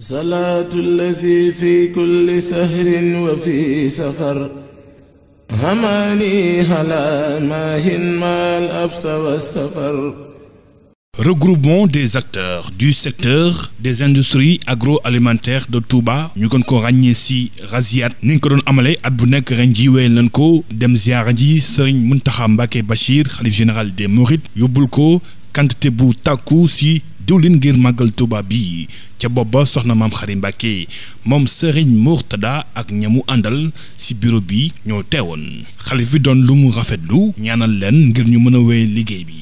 salaatu allazi fi kulli sahrin wa fi safar hamani hala mahin mal absa wa regroupement des acteurs du secteur des industries agroalimentaires de Touba ñu gën ko ràññee ci Raziat ni ñu ko doon amalee at bu nekk ren ji wéyal nañ ko dem ziara ji Serigne Mountakha Mbacké Bachir xalif général des Mourides yóbbul ko quantité bu tàkku ci diwlin ngir màggal Tuuba bi ca booba soxna maam Xari Mbàkke moom Serigne Mourtada ak ñamu àndal si bureau bi ñoo teewoon xalif bi doon lu mu rafetlu ñaanal leen ngir ñu mën a wéy liggéey bi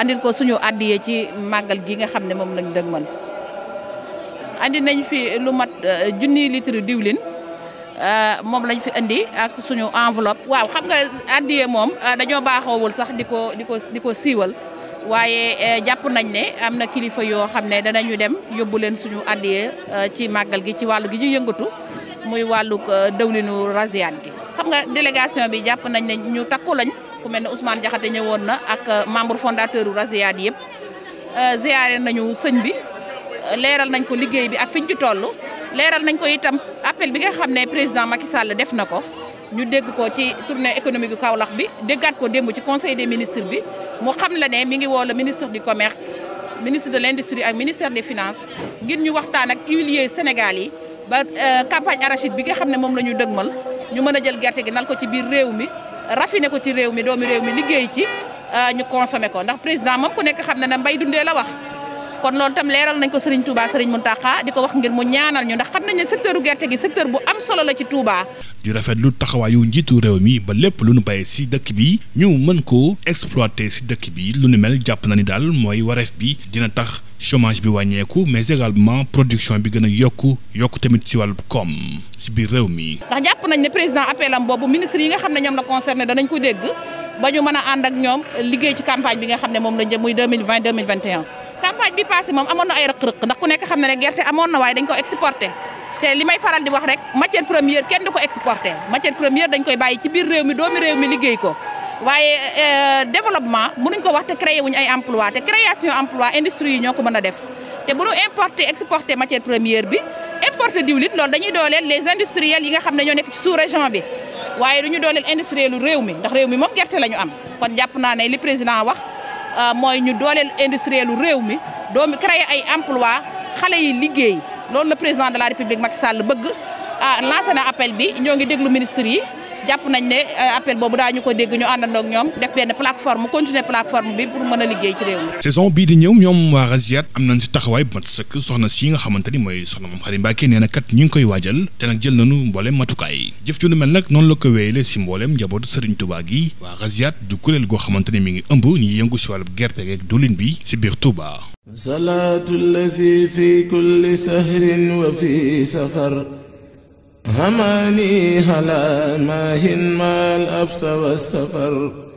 andil ko suñu àddiyee ci màggal gi nga xam ne moom lañ dëgmal andi nañ fi lu mat euh, junni litre diwlin euh, moom lañ fi indi ak suñu enveloppe. waaw xam nga àddiyee moom euh, dañoo baaxoowul sax di ko di ko di ko siiwal waaye jàpp nañ ne am na kilifa yoo xam ne danañu dem yóbbu leen suñu àddiyee ci màggal gi ci wàllu gi ñu yëngatu muy wàllu dëwlinu rasiat gi. xam nga délégation bi jàpp nañ ne ñu takku lañ ku mel ne Ousmane Diakhaté ñëwoon na ak euh, membre fondateur u Raziyaat yëpp euh, ziyaare nañu sëñ bi euh, leeral nañ ko liggéey bi ak fiñ ci toll leeral nañ ko itam appel bi nga xam ne président Macky Sall def na ko ñu dégg ko ci tournée économique yu Kaolack bi déggaat ko démb ci conseil des ministre bi mu xam la ne mi ngi woo le ministre du commerce ministre de l'industrie ak ministère des finance ngir ñu waxtaan ak huiliers Sénégal yi ba campagne arachide bi nga xam ne moom la ñu dëgmal ñu mën a jël gerte gi nal ko ci biir réew mi raffiné ko ci réew mi doomi réew mi liggéey ci euh, ñu consommé ko ndax président moom ku nekk xam na ne mbay dundee la wax kon loolu tam leeral nañ ko Serigne Touba Serigne Mountakha di ko wax ngir mu ñaanal ñu ndax xam nañ ne secteur u gerte gi secteur bu am solo la ci Touba. rafet lu taxawaayu njiitu réew mi ba lépp lu nu béyee si dëkk bi ñu mën ko exploité si dëkk bi lu nu mel jàpp na ni daal mooy wareef bi dina tax. chômage bi wàññeeku mais également production bi gën a yokku yokk tamit ci wàll koom si biir réew mi. ndax jàpp nañ ne président appel boobu ministre yi nga xam ne ñoom la concerné danañ ko dégg ba ñu mën a ànd ak ñoom liggéey ci campagne bi nga xam ne moom la jëm muy 2020 2021. campagne bi passé moom amoon na ay rëq-rëq ndax ku nekk xam ne ne gerte amoon na waaye dañ ko exporté te li may faral di wax rek matière première kenn du ko exporté matière première dañ koy bàyyi ci biir ko. waaye euh, développement mënuñ ko wax te créé wuñ ay emploi te création emploi industrie yi ñoo ko mën a def te bu ñu importer exporter matière première bi importer diwlin lool dañuy dooleel les industriels yi nga xam ne ñoo nekk ci sous région bi waaye du ñu dooleel industriel lu réew mi ndax réew mi moom gerte la ñu am kon jàpp naa ne li président wax euh, mooy ñu dooleel industriel lu réew mi doomi créer ay emploi xale yi liggéey loolu la président de la république Macky Sall bëgg ah lancé na bi ñoo ngi déglu ministre yi jàpp nañ ne euh, appel boobu daañu ko dégg ñu àndandoo ak ñoom def benn plateforme continuer plateforme bi pour mën a liggéey ci réew mi. saison bii di ñëw ñoom waa Raziat am nañ si taxawaay bu mat sëkk soxna si nga xamante ni mooy soxna moom Xari Mbàkke nee na ñu ngi koy waajal te nag jël nañu mboolem matukaay jëf ju mel nag noonu la ko wéyale si mboolem njabootu Serigne Touba gi waa Raziat du kuréel goo xamante mi ngi ëmb ñi yëngu si wàllu gerte geeg diwlin bi si biir Touba. salaatu lazi fi kulli sahrin wa fi safar هماني هلا ما هن ما الأبس والسفر